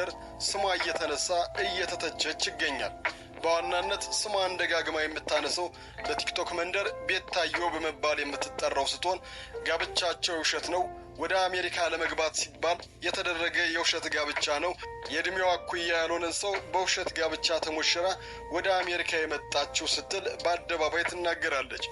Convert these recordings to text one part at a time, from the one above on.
ሲደርስ ስሟ እየተነሳ እየተተቸች ይገኛል። በዋናነት ስሟን ደጋግማ የምታነሰው በቲክቶክ መንደር ቤታዮ በመባል የምትጠራው ስትሆን ጋብቻቸው ውሸት ነው፣ ወደ አሜሪካ ለመግባት ሲባል የተደረገ የውሸት ጋብቻ ነው፣ የዕድሜዋ አኩያ ያልሆነን ሰው በውሸት ጋብቻ ተሞሽራ ወደ አሜሪካ የመጣችው ስትል በአደባባይ ትናገራለች።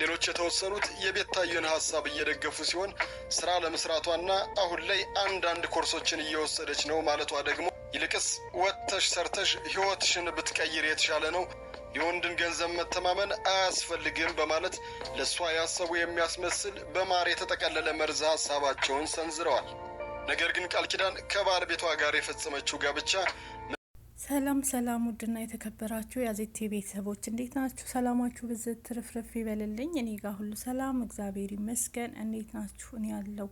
ሌሎች የተወሰኑት የቤታየን ሀሳብ እየደገፉ ሲሆን ስራ ለመስራቷና አሁን ላይ አንዳንድ ኮርሶችን እየወሰደች ነው ማለቷ ደግሞ ይልቅስ ወጥተሽ ሰርተሽ ህይወትሽን ብትቀይር የተሻለ ነው፣ የወንድን ገንዘብ መተማመን አያስፈልግም በማለት ለእሷ ያሰቡ የሚያስመስል በማር የተጠቀለለ መርዝ ሀሳባቸውን ሰንዝረዋል። ነገር ግን ቃል ኪዳን ከባለቤቷ ጋር የፈጸመችው ጋብቻ ሰላም ሰላም ውድና የተከበራችሁ የአዜቴ ቤተሰቦች እንዴት ናችሁ? ሰላማችሁ ብዝት ትርፍርፍ ይበልልኝ። እኔ ጋር ሁሉ ሰላም እግዚአብሔር ይመስገን። እንዴት ናችሁ? እኔ ያለው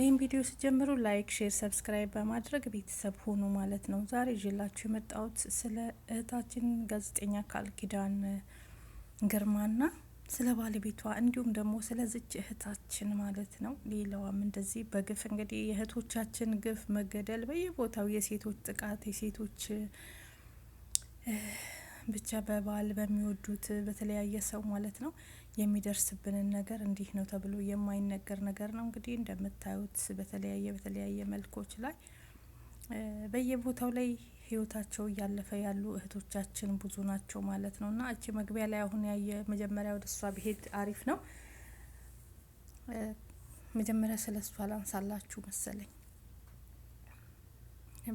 ይህም ቪዲዮ ስጀምሩ ላይክ፣ ሼር፣ ሰብስክራይብ በማድረግ ቤተሰብ ሆኑ ማለት ነው። ዛሬ ይዤላችሁ የመጣሁት ስለ እህታችን ጋዜጠኛ ቃል ኪዳን ግርማና ስለ ባለቤቷ እንዲሁም ደግሞ ስለዚች እህታችን ማለት ነው። ሌላዋም እንደዚህ በግፍ እንግዲህ የእህቶቻችን ግፍ መገደል በየቦታው የሴቶች ጥቃት የሴቶች ብቻ በባል በሚወዱት በተለያየ ሰው ማለት ነው የሚደርስብንን ነገር እንዲህ ነው ተብሎ የማይነገር ነገር ነው። እንግዲህ እንደምታዩት በተለያየ በተለያየ መልኮች ላይ በየቦታው ላይ ህይወታቸው እያለፈ ያሉ እህቶቻችን ብዙ ናቸው ማለት ነው። እና እቺ መግቢያ ላይ አሁን ያየ መጀመሪያ ወደ እሷ ብሄድ አሪፍ ነው። መጀመሪያ ስለ እሷ ላንሳላችሁ መሰለኝ።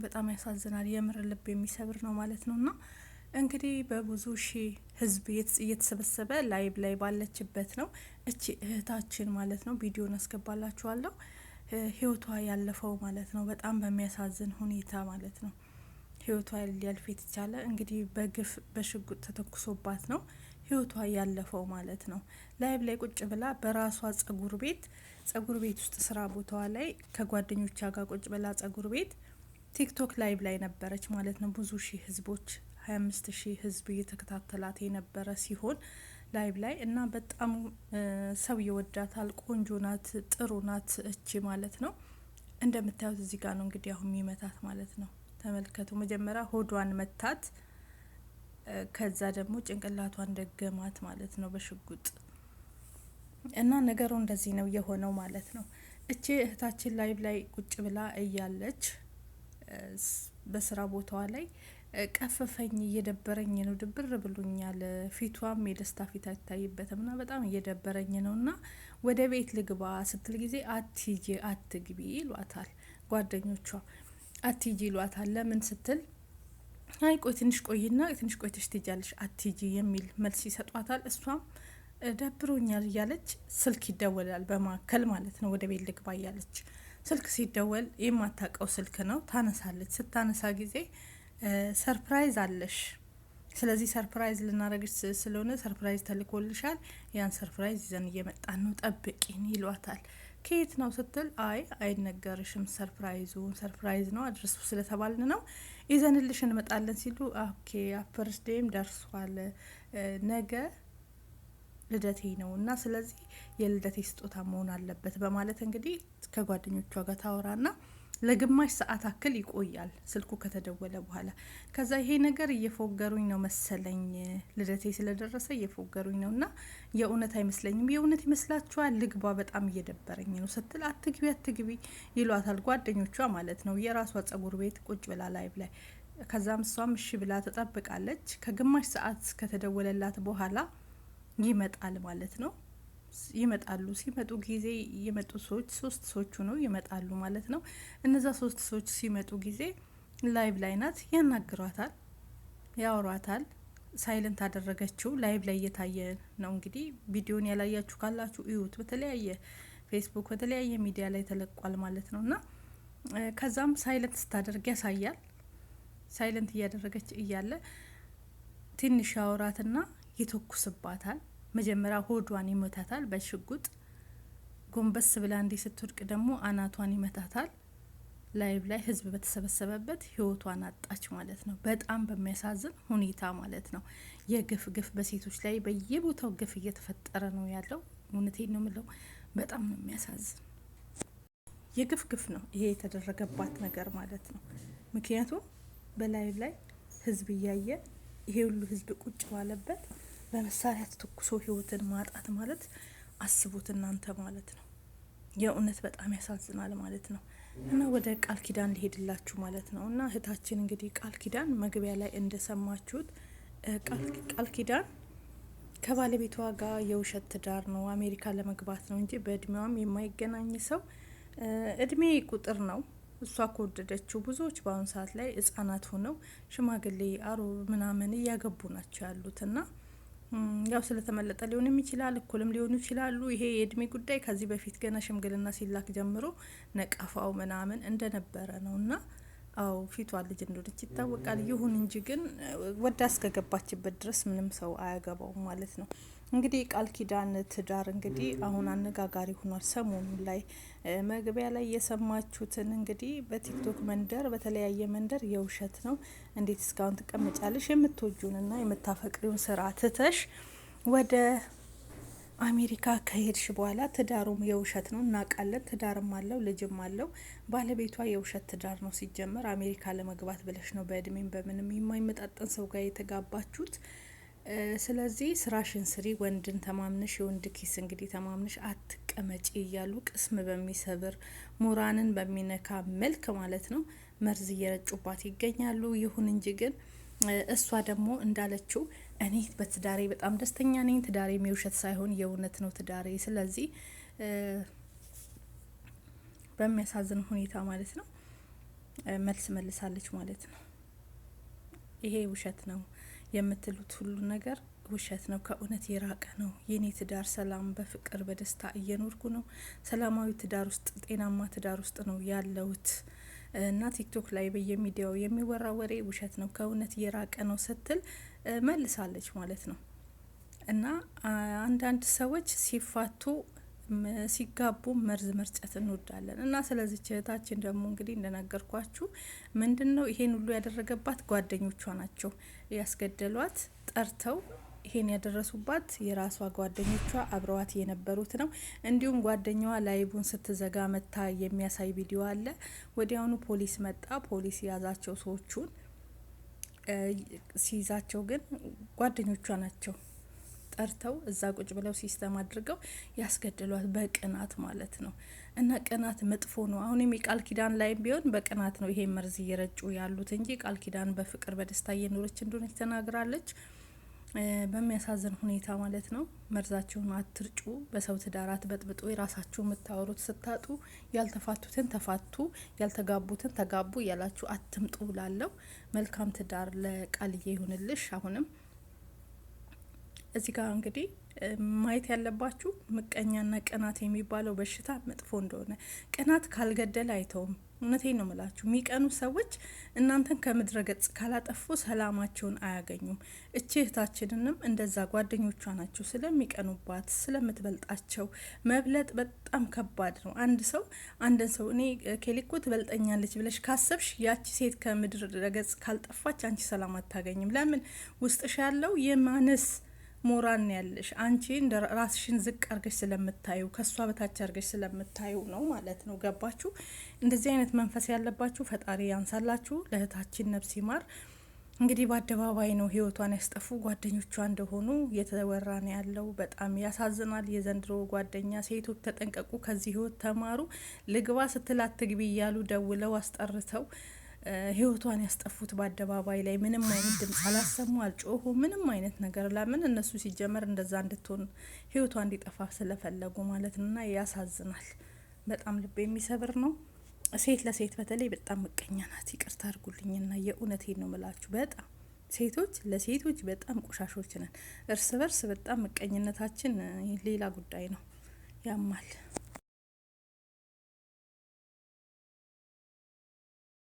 በጣም ያሳዝናል። የምር ልብ የሚሰብር ነው ማለት ነው። እና እንግዲህ በብዙ ሺህ ህዝብ እየተሰበሰበ ላይብ ላይ ባለችበት ነው እቺ እህታችን ማለት ነው። ቪዲዮን አስገባላችኋለሁ። ህይወቷ ያለፈው ማለት ነው። በጣም በሚያሳዝን ሁኔታ ማለት ነው ህይወቷ ሊያልፍ የተቻለ እንግዲህ በግፍ በሽጉጥ ተተኩሶባት ነው ህይወቷ ያለፈው ማለት ነው። ላይብ ላይ ቁጭ ብላ በራሷ ጸጉር ቤት ጸጉር ቤት ውስጥ ስራ ቦታዋ ላይ ከጓደኞቿ ጋር ቁጭ ብላ ጸጉር ቤት ቲክቶክ ላይብ ላይ ነበረች ማለት ነው። ብዙ ሺህ ህዝቦች ሀያ አምስት ሺህ ህዝብ እየተከታተላት የነበረ ሲሆን ላይቭ ላይ እና በጣም ሰው ይወዳታል። ቆንጆ ናት፣ ጥሩ ናት እቺ ማለት ነው። እንደምታዩት እዚህ ጋር ነው እንግዲህ አሁን የሚመታት ማለት ነው። ተመልከቱ። መጀመሪያ ሆዷን መታት፣ ከዛ ደግሞ ጭንቅላቷን ደገማት ማለት ነው በሽጉጥ እና ነገሩ እንደዚህ ነው የሆነው ማለት ነው። እቺ እህታችን ላይቭ ላይ ቁጭ ብላ እያለች በስራ ቦታዋ ላይ ቀፈፈኝ እየደበረኝ ነው፣ ድብር ብሎኛል። ፊቷም የደስታ ፊት አይታይበትም ና በጣም እየደበረኝ ነው ና ወደ ቤት ልግባ ስትል ጊዜ አትጂ አትግቢ ይሏታል ጓደኞቿ። አትጂ ይሏታል ለምን ስትል አይ ቆይ ትንሽ ቆይና ትንሽ ቆይተሽ ትጃለሽ አትጂ የሚል መልስ ይሰጧታል። እሷም ደብሮኛል እያለች ስልክ ይደወላል በማከል ማለት ነው። ወደ ቤት ልግባ እያለች ስልክ ሲደወል የማታውቀው ስልክ ነው። ታነሳለች። ስታነሳ ጊዜ ሰርፕራይዝ አለሽ። ስለዚህ ሰርፕራይዝ ልናደረግሽ ስለሆነ ሰርፕራይዝ ተልኮልሻል። ያን ሰርፕራይዝ ይዘን እየመጣን ነው ጠብቂን ይሏታል። ከየት ነው ስትል፣ አይ አይነገርሽም፣ ሰርፕራይዙ ሰርፕራይዝ ነው አድረሱ ስለተባልን ነው ይዘንልሽ እንመጣለን ሲሉ፣ ኦኬ አፐርስዴም ደርሷል ነገ ልደቴ ነው እና ስለዚህ የልደቴ ስጦታ መሆን አለበት በማለት እንግዲህ ከጓደኞቿ ጋር ታወራና ለግማሽ ሰዓት አክል ይቆያል ስልኩ ከተደወለ በኋላ። ከዛ ይሄ ነገር እየፎገሩኝ ነው መሰለኝ ልደቴ ስለደረሰ እየፎገሩኝ ነው እና የእውነት አይመስለኝም። የእውነት ይመስላችኋል? ልግባ በጣም እየደበረኝ ነው ስትል አትግቢ አትግቢ ይሏታል ጓደኞቿ ማለት ነው። የራሷ ጸጉር ቤት ቁጭ ብላ ላይቭ ላይ ከዛም እሷም እሺ ብላ ትጠብቃለች። ከግማሽ ሰዓት ከተደወለላት በኋላ ይመጣል ማለት ነው። ይመጣሉ። ሲመጡ ጊዜ የመጡ ሰዎች ሶስት ሰዎች ሆነው ይመጣሉ ማለት ነው። እነዛ ሶስት ሰዎች ሲመጡ ጊዜ ላይቭ ላይ ናት፣ ያናግሯታል፣ ያወሯታል። ሳይለንት አደረገችው። ላይቭ ላይ እየታየ ነው እንግዲህ። ቪዲዮን ያላያችሁ ካላችሁ እዩት። በተለያየ ፌስቡክ፣ በተለያየ ሚዲያ ላይ ተለቋል ማለት ነው እና ከዛም ሳይለንት ስታደርግ ያሳያል። ሳይለንት እያደረገች እያለ ትንሽ ያወራትና ይተኩስባታል። መጀመሪያ ሆዷን ይመታታል በሽጉጥ ጎንበስ ብላ እንዲ ስትወድቅ ደግሞ አናቷን ይመታታል። ላይቭ ላይ ህዝብ በተሰበሰበበት ህይወቷን አጣች ማለት ነው። በጣም በሚያሳዝን ሁኔታ ማለት ነው። የግፍ ግፍ በሴቶች ላይ በየቦታው ግፍ እየተፈጠረ ነው ያለው። እውነቴን ነው የምለው፣ በጣም ነው የሚያሳዝን። የግፍ ግፍ ነው ይሄ የተደረገባት ነገር ማለት ነው። ምክንያቱም በላይቭ ላይ ህዝብ እያየ ይሄ ሁሉ ህዝብ ቁጭ ባለበት በመሳሪያ ተተኩሶ ህይወትን ማጣት ማለት አስቡት እናንተ ማለት ነው። የእውነት በጣም ያሳዝናል ማለት ነው። እና ወደ ቃል ኪዳን ሊሄድላችሁ ማለት ነው። እና እህታችን እንግዲህ ቃል ኪዳን መግቢያ ላይ እንደሰማችሁት ቃል ኪዳን ከባለቤቷ ጋር የውሸት ትዳር ነው፣ አሜሪካ ለመግባት ነው እንጂ በእድሜዋም የማይገናኝ ሰው እድሜ ቁጥር ነው። እሷ ከወደደችው ብዙዎች በአሁኑ ሰዓት ላይ ህጻናት ሆነው ሽማግሌ አሮ ምናምን እያገቡ ናቸው ያሉት እና ያው ስለተመለጠ ሊሆንም ይችላል፣ እኩልም ሊሆኑ ይችላሉ። ይሄ የእድሜ ጉዳይ ከዚህ በፊት ገና ሽምግልና ሲላክ ጀምሮ ነቀፋው ምናምን እንደነበረ ነው እና አው ፊቷ ልጅ እንደሆነች ይታወቃል። ይሁን እንጂ ግን ወዳ እስከገባችበት ድረስ ምንም ሰው አያገባውም ማለት ነው። እንግዲህ ቃል ኪዳን ትዳር እንግዲህ አሁን አነጋጋሪ ሆኗል። ሰሞኑን ላይ መግቢያ ላይ የሰማችሁትን እንግዲህ በቲክቶክ መንደር በተለያየ መንደር የውሸት ነው፣ እንዴት እስካሁን ትቀመጫለሽ? የምትወጁንና የምታፈቅሪውን ስራ ትተሽ ወደ አሜሪካ ከሄድሽ በኋላ ትዳሩም የውሸት ነው እናውቃለን። ትዳርም አለው ልጅም አለው። ባለቤቷ የውሸት ትዳር ነው ሲጀመር። አሜሪካ ለመግባት ብለሽ ነው በእድሜም በምንም የማይመጣጠን ሰው ጋር የተጋባችሁት። ስለዚህ ስራሽን ስሪ፣ ወንድን ተማምነሽ የወንድ ኪስ እንግዲህ ተማምነሽ አትቀመጪ እያሉ ቅስም በሚሰብር ሙራንን በሚነካ መልክ ማለት ነው መርዝ እየረጩባት ይገኛሉ። ይሁን እንጂ ግን እሷ ደግሞ እንዳለችው እኔ በትዳሬ በጣም ደስተኛ ነኝ፣ ትዳሬ የውሸት ሳይሆን የእውነት ነው ትዳሬ። ስለዚህ በሚያሳዝን ሁኔታ ማለት ነው መልስ መልሳለች ማለት ነው። ይሄ ውሸት ነው የምትሉት ሁሉ ነገር ውሸት ነው፣ ከእውነት የራቀ ነው። የኔ ትዳር ሰላም፣ በፍቅር በደስታ እየኖርኩ ነው። ሰላማዊ ትዳር ውስጥ፣ ጤናማ ትዳር ውስጥ ነው ያለውት እና ቲክቶክ ላይ በየሚዲያው የሚወራ ወሬ ውሸት ነው፣ ከእውነት የራቀ ነው ስትል መልሳለች ማለት ነው። እና አንዳንድ ሰዎች ሲፋቱ ሲጋቡ መርዝ መርጨት እንወዳለን እና ስለዚህ እህታችን ደግሞ እንግዲህ እንደነገርኳችሁ ምንድን ነው ይሄን ሁሉ ያደረገባት ጓደኞቿ ናቸው ያስገደሏት ጠርተው ይሄን ያደረሱባት የራሷ ጓደኞቿ አብረዋት የነበሩት ነው። እንዲሁም ጓደኛዋ ላይቡን ስትዘጋ መታ የሚያሳይ ቪዲዮ አለ። ወዲያውኑ ፖሊስ መጣ። ፖሊስ የያዛቸው ሰዎቹን ሲይዛቸው ግን ጓደኞቿ ናቸው። ጠርተው እዛ ቁጭ ብለው ሲስተም አድርገው ያስገድሏት በቅናት ማለት ነው። እና ቅናት መጥፎ ነው። አሁንም የቃል ኪዳን ላይም ቢሆን በቅናት ነው ይሄ መርዝ እየረጩ ያሉት እንጂ ቃል ኪዳን በፍቅር በደስታ እየኖረች እንደሆነች ተናግራለች። በሚያሳዝን ሁኔታ ማለት ነው። መርዛችሁን አትርጩ። በሰው ትዳር አትበጥብጡ። የራሳችሁ የምታወሩት ስታጡ ያልተፋቱትን ተፋቱ፣ ያልተጋቡትን ተጋቡ እያላችሁ አትምጡ። ላለው መልካም ትዳር ለቃልዬ ይሁንልሽ። አሁንም እዚህ ጋር እንግዲህ ማየት ያለባችሁ ምቀኛና ቅናት የሚባለው በሽታ መጥፎ እንደሆነ ቅናት ካልገደለ አይተውም። እውነቴን ነው ምላችሁ፣ የሚቀኑ ሰዎች እናንተን ከምድረ ገጽ ካላጠፉ ሰላማቸውን አያገኙም። እቺ እህታችንንም እንደዛ ጓደኞቿ ናቸው ስለሚቀኑባት፣ ስለምትበልጣቸው መብለጥ በጣም ከባድ ነው። አንድ ሰው አንድን ሰው እኔ ኬሊኮ ትበልጠኛለች ብለሽ ካሰብሽ ያቺ ሴት ከምድረ ገጽ ካልጠፋች አንቺ ሰላም አታገኝም። ለምን ውስጥሽ ያለው የማነስ ሞራል ነው ያለሽ አንቺ እንደ ራስሽን ዝቅ አርገሽ ስለምታዩ ከእሷ በታች አርገሽ ስለምታዩ ነው ማለት ነው። ገባችሁ? እንደዚህ አይነት መንፈስ ያለባችሁ ፈጣሪ ያንሳላችሁ። ለእህታችን ነብስ ይማር። እንግዲህ በአደባባይ ነው ህይወቷን ያስጠፉ ጓደኞቿ እንደሆኑ እየተወራ ነው ያለው። በጣም ያሳዝናል። የዘንድሮ ጓደኛ ሴቶች ተጠንቀቁ፣ ከዚህ ህይወት ተማሩ። ልግባ ስትል አትግቢ እያሉ ደውለው አስጠርተው ህይወቷን ያስጠፉት በአደባባይ ላይ ምንም አይነት ድምፅ አላሰሙ፣ አልጮሁ፣ ምንም አይነት ነገር ለምን እነሱ ሲጀመር እንደዛ እንድትሆን ህይወቷ እንዲጠፋ ስለፈለጉ ማለት ነውና ያሳዝናል። በጣም ልብ የሚሰብር ነው። ሴት ለሴት በተለይ በጣም ምቀኛ ናት። ይቅርታ አድርጉልኝና የእውነቴን ነው ምላችሁ በጣም ሴቶች ለሴቶች በጣም ቆሻሾች ነን። እርስ በርስ በጣም ምቀኝነታችን ሌላ ጉዳይ ነው። ያማል።